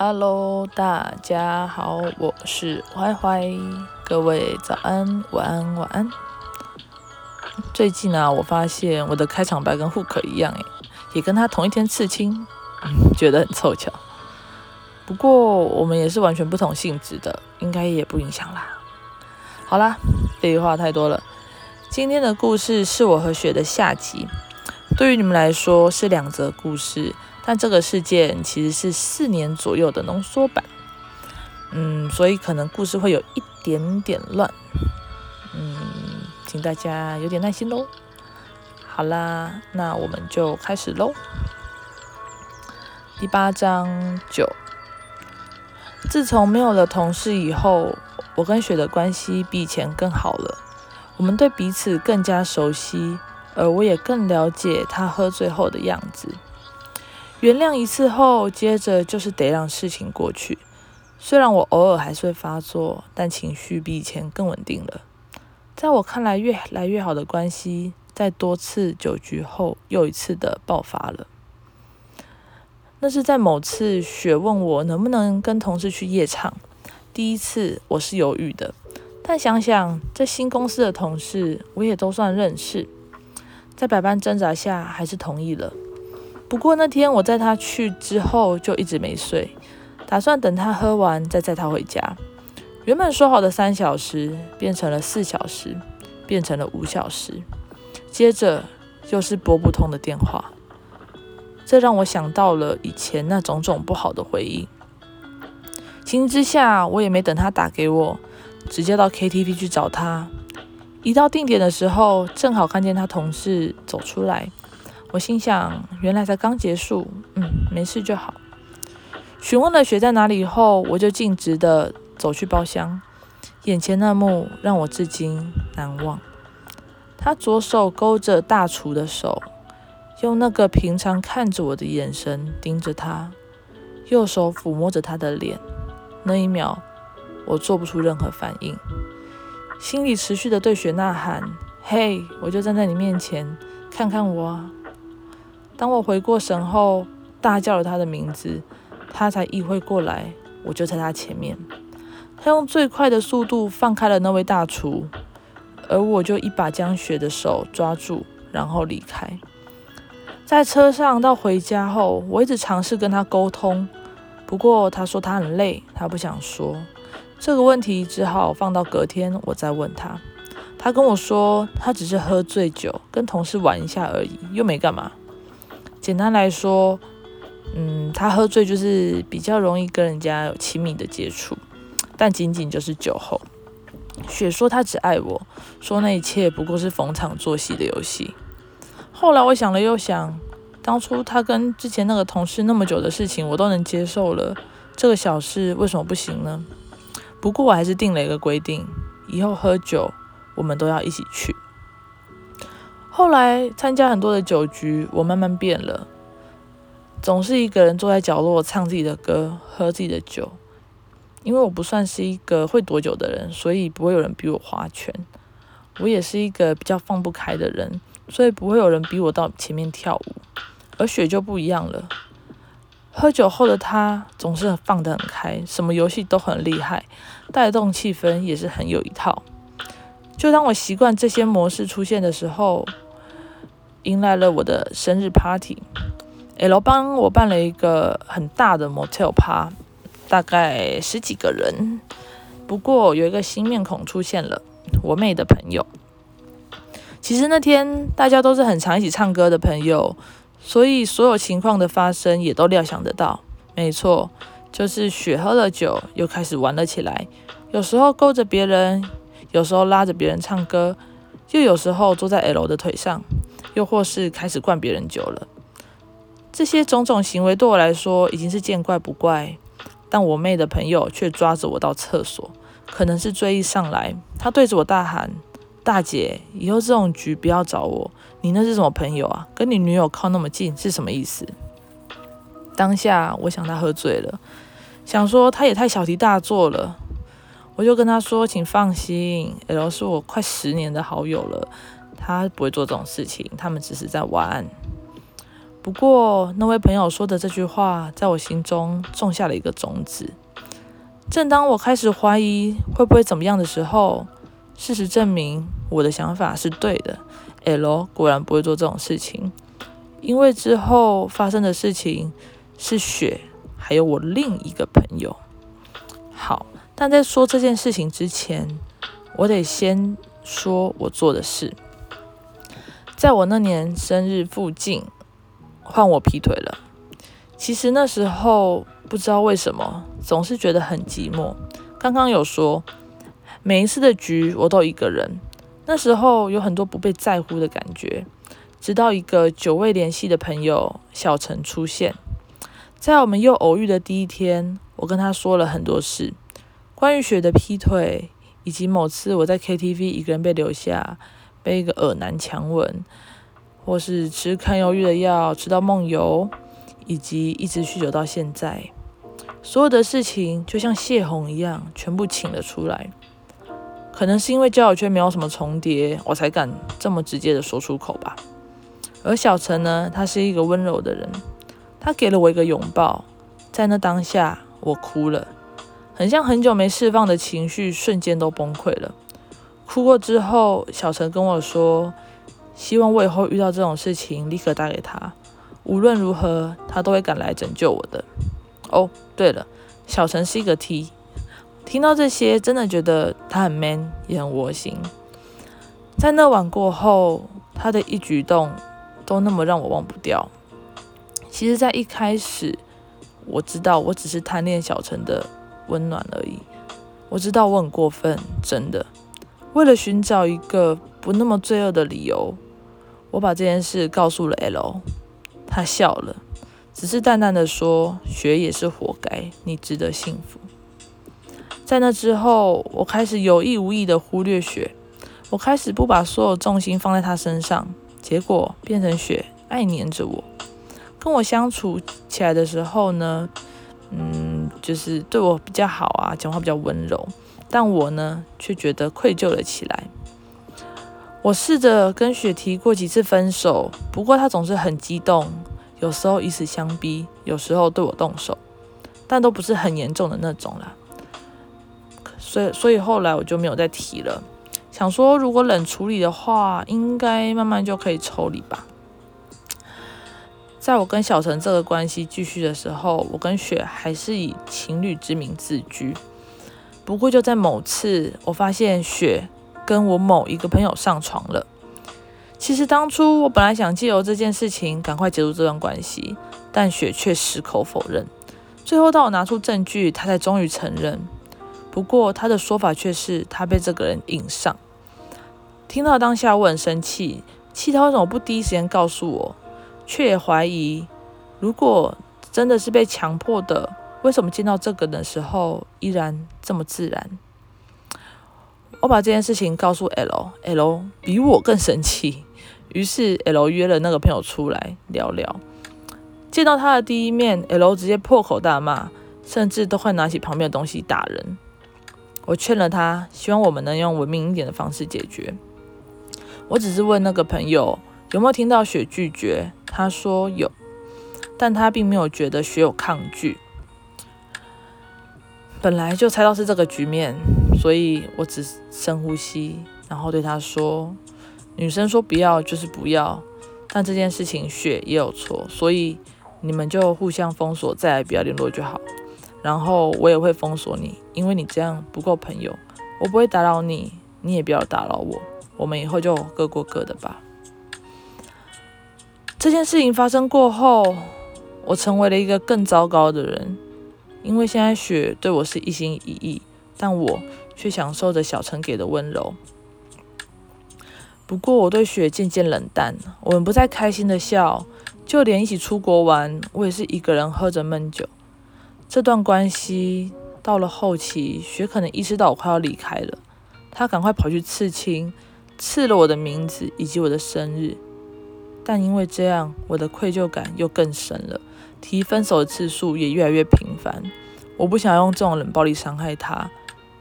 Hello，大家好，我是壞壞，各位早安、晚安、晚安。最近呢、啊，我發現我的開場白跟戶口一樣，誒，也跟他同一天刺青，覺得很湊巧。不過我們也是完全不同性質的，應該也不影響啦。好啦，廢話太多了。今天的故事是我和雪的下集，對於你們來說是兩則故事。那這個事件其實是四年左右的濃縮版，嗯，所以可能故事會有一點點亂，嗯，請大家有點耐心嘍。好啦，那我們就開始嘍。第八章酒。自從沒有了同事以後，我跟雪的關係比以前更好了。我們對彼此更加熟悉，而我也更了解他喝醉後的樣子。原諒一次後，接着就是得讓事情過去。雖然我偶爾還是會發作，但情緒比以前更穩定了。在我看來，越來越好的關係，在多次酒局後又一次的爆發了。那是在某次雪問我能不能跟同事去夜場，第一次我是猶豫的，但想想在新公司的同事，我也都算認識，在百般掙扎下，還是同意了。不過那天我帶他去之後就一直沒睡，打算等他喝完再載他回家。原本說好的三小時變成了四小時，變成了五小時，接着就是撥不通的電話。這讓我想到了以前那種種不好的回憶。情急之下，我也沒等他打給我，直接到 KTV 去找他。一到定點的時候，正好看見他同事走出來。我心想，原來才剛結束，嗯，沒事就好。詢問了雪在哪裡後，我就徑直的走去包廂。眼前那幕讓我至今難忘。他左手勾着大廚的手，用那個平常看着我的眼神盯着他，右手撫摸着他的臉。那一秒，我做不出任何反應，心裡持續的對雪吶喊：“嘿、hey，我就站在你面前，看看我啊。”當我回過神後，大叫了他的名字，他才意會過來，我就在他前面。他用最快的速度放開了那位大廚，而我就一把將雪的手抓住，然後離開。在車上到回家後，我一直嘗試跟他溝通，不過他說他很累，他不想說。這個問題只好放到隔天我再問他。他跟我說，他只是喝醉酒，跟同事玩一下而已，又沒幹嘛。簡單來說，嗯，他喝醉就是比較容易跟人家有親密的接觸，但僅僅就是酒後。雪說他只愛我，說那一切不過是逢場作戲的遊戲。後來我想了又想，當初他跟之前那個同事那麼久的事情我都能接受了，這個小事為什麼不行呢？不過我還是定了一個規定，以後喝酒我們都要一起去。後來參加很多的酒局，我慢慢變了，總是一個人坐在角落唱自己的歌，喝自己的酒。因為我不算是一個會躲酒的人，所以不會有人逼我划拳。我也是一個比較放不開的人，所以不會有人逼我到前面跳舞。而雪就不一樣了，喝酒後的他總是很放得很開，什麼遊戲都很厲害，帶動氣氛也是很有一套。就當我習慣這些模式出現的時候。迎來了我的生日 party，L 幫我辦了一個很大的 motel 趴，大概十幾個人。不過有一個新面孔出現了，我妹的朋友。其實那天大家都是很常一起唱歌的朋友，所以所有情況的發生也都料想得到。沒錯，就是雪喝了酒，又開始玩了起來。有時候勾着別人，有時候拉着別人唱歌，又有時候坐在 L 的腿上。又或是開始灌別人酒了，這些種種行為對我來說已經是見怪不怪。但我妹的朋友卻抓着我到廁所，可能是醉意上來，他對着我大喊：“大姐，以後這種局不要找我，你那是什麼朋友啊？跟你女友靠那麼近是什麼意思？”當下我想他喝醉了，想說他也太小題大做了，我就跟他說：“請放心，L 是我快十年的好友了。”他不會做這種事情，他們只是在玩。不過那位朋友說的這句話，在我心中種下了一個種子。正當我開始懷疑會不會怎麼樣的時候，事實證明我的想法是對的。L 果然不會做這種事情，因為之後發生的事情是雪，還有我另一個朋友。好，但在說這件事情之前，我得先說我做的事。在我那年生日附近，換我劈腿了。其實那時候不知道為什麼，總是覺得很寂寞。剛剛有說，每一次的局我都一個人。那時候有很多不被在乎的感覺。直到一個久未聯繫的朋友小陳出現，在我們又偶遇的第一天，我跟他說了很多事，關於雪的劈腿，以及某次我在 KTV 一個人被留下。被一個耳男強吻，或是吃抗憂鬱的藥吃到夢遊，以及一直酗酒到現在，所有的事情就像洩洪一樣全部傾了出來。可能是因為交友圈沒有什麼重疊，我才敢這麼直接的說出口吧。而小陳呢，他是一個溫柔的人，他給了我一個擁抱，在那當下我哭了，很像很久沒釋放的情緒瞬間都崩潰了。哭過之後，小陳跟我說：“希望我以後遇到這種事情，立刻打給他。無論如何，他都會趕來拯救我的。”哦，對了，小陳是一個 T。聽到這些，真的覺得他很 man，也很窩心。在那晚過後，他的一舉動都那麼讓我忘不掉。其實，在一開始，我知道我只是貪戀小陳的溫暖而已。我知道我很過分，真的。為了尋找一個不那麼罪惡的理由，我把這件事告訴了 L。他笑了，只是淡淡的說：“雪也是活該，你值得幸福。”在那之後，我開始有意無意的忽略雪，我開始不把所有重心放在他身上，結果變成雪愛黏着我。跟我相處起來的時候呢，嗯，就是對我比較好啊，講話比較溫柔。但我呢，卻覺得愧疚了起來。我試着跟雪提過幾次分手，不過他總是很激動，有時候以死相逼，有時候對我動手，但都不是很嚴重的那種啦。所以，所以後來我就沒有再提了，想說如果冷處理的話，應該慢慢就可以抽離吧。在我跟小陳這個關係繼續的時候，我跟雪還是以情侶之名自居。不過就在某次，我發現雪跟我某一個朋友上床了。其實當初我本來想借由這件事情趕快結束這段關係，但雪卻矢口否認。最後到我拿出證據，她才終於承認。不過她的說法卻是她被這個人硬上。聽到當下我很生氣，氣她為什麼不第一時間告訴我，卻也懷疑如果真的是被強迫的。為什麼見到這個的時候依然這麼自然？我把這件事情告訴 L，L 比我更生氣。於是 L 約了那個朋友出來聊聊。見到他的第一面，L 直接破口大罵，甚至都會拿起旁邊的東西打人。我勸了他，希望我們能用文明一點的方式解決。我只是問那個朋友有沒有聽到雪拒絕，他說有，但他並沒有覺得雪有抗拒。本來就猜到是這個局面，所以我只深呼吸，然後對他說：“女生說不要就是不要，但這件事情雪也有錯，所以你們就互相封鎖，再也不要聯絡就好。然後我也會封鎖你，因為你這樣不夠朋友。我不會打擾你，你也不要打擾我，我們以後就各過各的吧。”這件事情發生過後，我成為了一個更糟糕的人。因為現在雪對我是一心一意，但我卻享受着小城給的溫柔。不過我對雪漸漸冷淡，我們不再開心地笑，就連一起出國玩，我也是一個人喝着悶酒。這段關係到了後期，雪可能意識到我快要離開了，她趕快跑去刺青，刺了我的名字以及我的生日。但因為這樣，我的愧疚感又更深了。提分手的次數也越來越頻繁，我不想用這種冷暴力傷害他，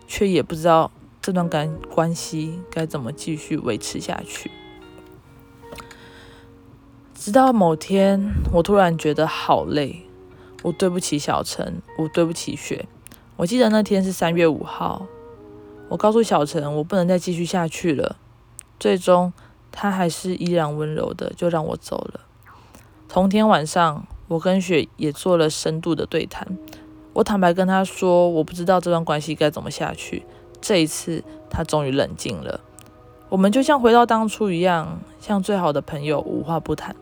卻也不知道這段感關係該怎麼繼續維持下去。直到某天，我突然覺得好累，我對不起小陳，我對不起雪。我記得那天是三月五號，我告訴小陳我不能再繼續下去了，最終他還是依然溫柔的就讓我走了。同天晚上，我跟雪也做了深度的對談，我坦白跟他說，我不知道這段關係該怎麼下去。這一次，他終於冷靜了，我們就像回到當初一樣，像最好的朋友，無話不談。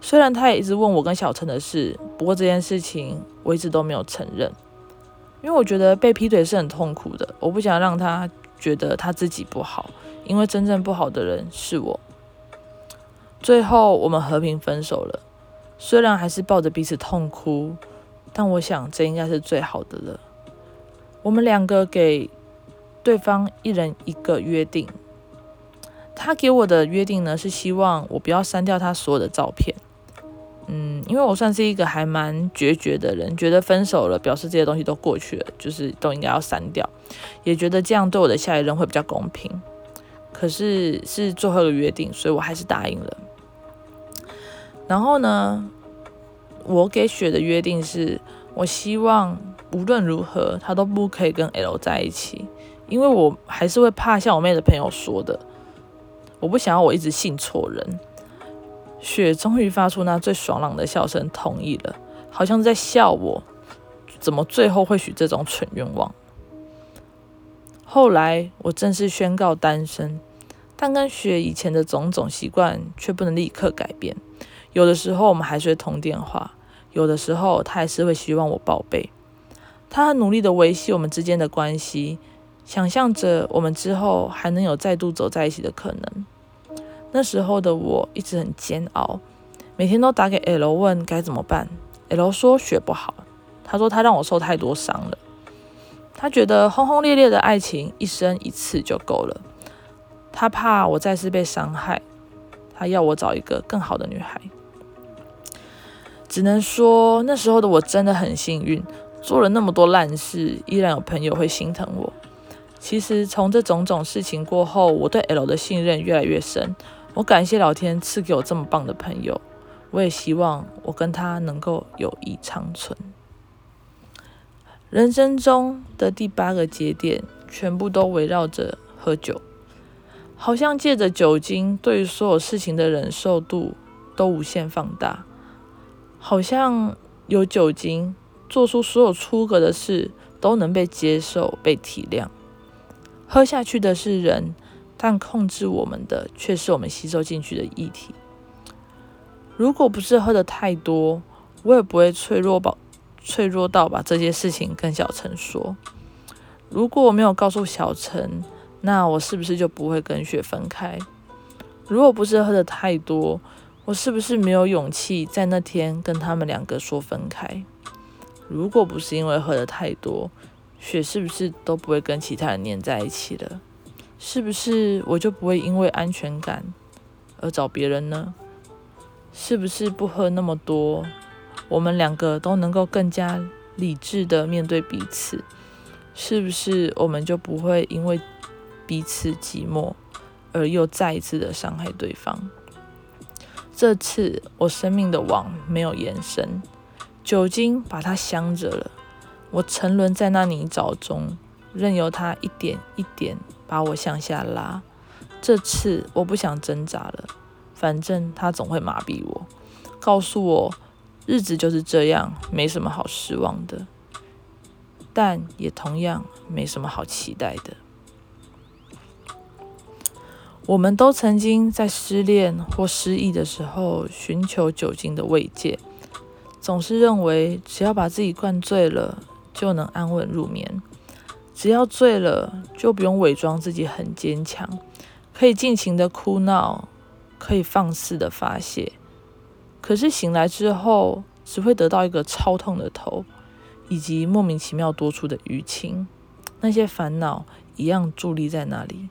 雖然他也一直問我跟小陳的事，不過這件事情我一直都沒有承認，因為我覺得被劈腿是很痛苦的，我不想讓他覺得他自己不好，因為真正不好的人是我。最後，我們和平分手了。雖然還是抱着彼此痛哭，但我想這應該是最好的了。我們兩個給對方一人一個約定。他給我的約定呢，是希望我不要刪掉他所有的照片。嗯，因為我算是一個還蠻決絕的人，覺得分手了表示這些東西都過去了，就是都應該要刪掉，也覺得這樣對我的下一任會比較公平。可是是最後一個約定，所以我還是答應了。然後呢，我給雪的約定是，我希望無論如何，她都不可以跟 L 在一起，因為我還是會怕，像我妹的朋友說的，我不想要我一直信錯人。雪終於發出那最爽朗的笑聲，同意了，好像在笑我，怎麼最後會許這種蠢願望？後來我正式宣告單身，但跟雪以前的種種習慣，卻不能立刻改變。有的時候我們還是會通電話，有的時候他還是會希望我報備，他很努力地維繫我們之間的關係，想象着我們之後還能有再度走在一起的可能。那時候的我一直很煎熬，每天都打給 L 問該怎麼辦，L 說學不好，他說他讓我受太多傷了，他覺得轟轟烈烈的愛情一生一次就夠了，他怕我再次被傷害，他要我找一個更好的女孩。只能說那時候的我真的很幸運，做了那麼多爛事，依然有朋友會心疼我。其實從這種種事情過後，我對 L 的信任越來越深。我感謝老天賜給我這麼棒的朋友，我也希望我跟他能夠友誼長存。人生中的第八個節點，全部都圍繞着喝酒，好像借着酒精，對於所有事情的忍受度都無限放大。好像有酒精，做出所有出格的事都能被接受、被體諒。喝下去的是人，但控制我們的卻是我們吸收進去的液體。如果不是喝的太多，我也不會脆弱、保脆弱到把這些事情跟小陳說。如果我沒有告訴小陳，那我是不是就不會跟雪分開？如果不是喝的太多。我是不是沒有勇氣在那天跟他們兩個說分開？如果不是因為喝得太多，血是不是都不會跟其他人粘在一起了？是不是我就不會因為安全感而找別人呢？是不是不喝那麼多，我們兩個都能夠更加理智地面對彼此？是不是我們就不會因為彼此寂寞而又再一次的傷害對方？這次我生命的網沒有延伸，酒精把它鑲着了。我沉淪在那泥沼中，任由它一點一點把我向下拉。這次我不想掙扎了，反正它總會麻痹我，告訴我日子就是這樣，沒什麼好失望的，但也同樣沒什麼好期待的。我們都曾經在失戀或失意的時候尋求酒精的慰藉，總是認為只要把自己灌醉了就能安穩入眠，只要醉了就不用偽裝自己很堅強，可以盡情的哭鬧，可以放肆的發洩。可是醒來之後，只會得到一個超痛的頭，以及莫名其妙多出的淤青，那些煩惱一樣佇立在那裡。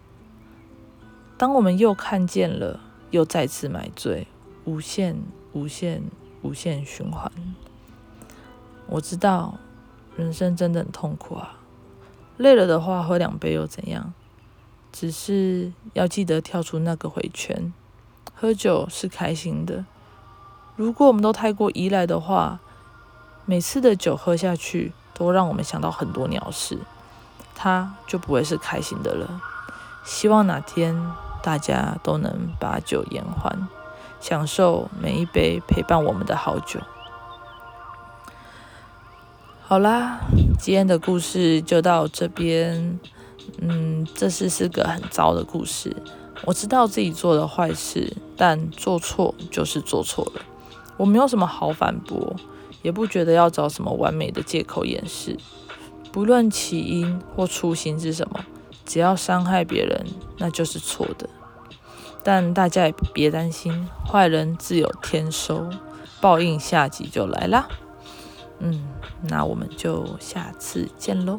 當我們又看見了，又再次買醉，無限、無限、無限循環。我知道人生真的很痛苦啊，累了的話喝兩杯又怎樣？只是要記得跳出那個回圈。喝酒是開心的，如果我們都太過依賴的話，每次的酒喝下去，都讓我們想到很多鳥事，它就不會是開心的了。希望哪天……大家都能把酒言歡，享受每一杯陪伴我們的好酒。好啦，今天的故事就到這邊。嗯，這是是個很糟的故事。我知道自己做了壞事，但做錯就是做錯了。我沒有什麼好反駁，也不覺得要找什麼完美的借口掩飾，不論起因或初心是什麼。只要傷害別人，那就是錯的。但大家也別擔心，壞人自有天收，報應下集就來啦。嗯，那我們就下次見嘍。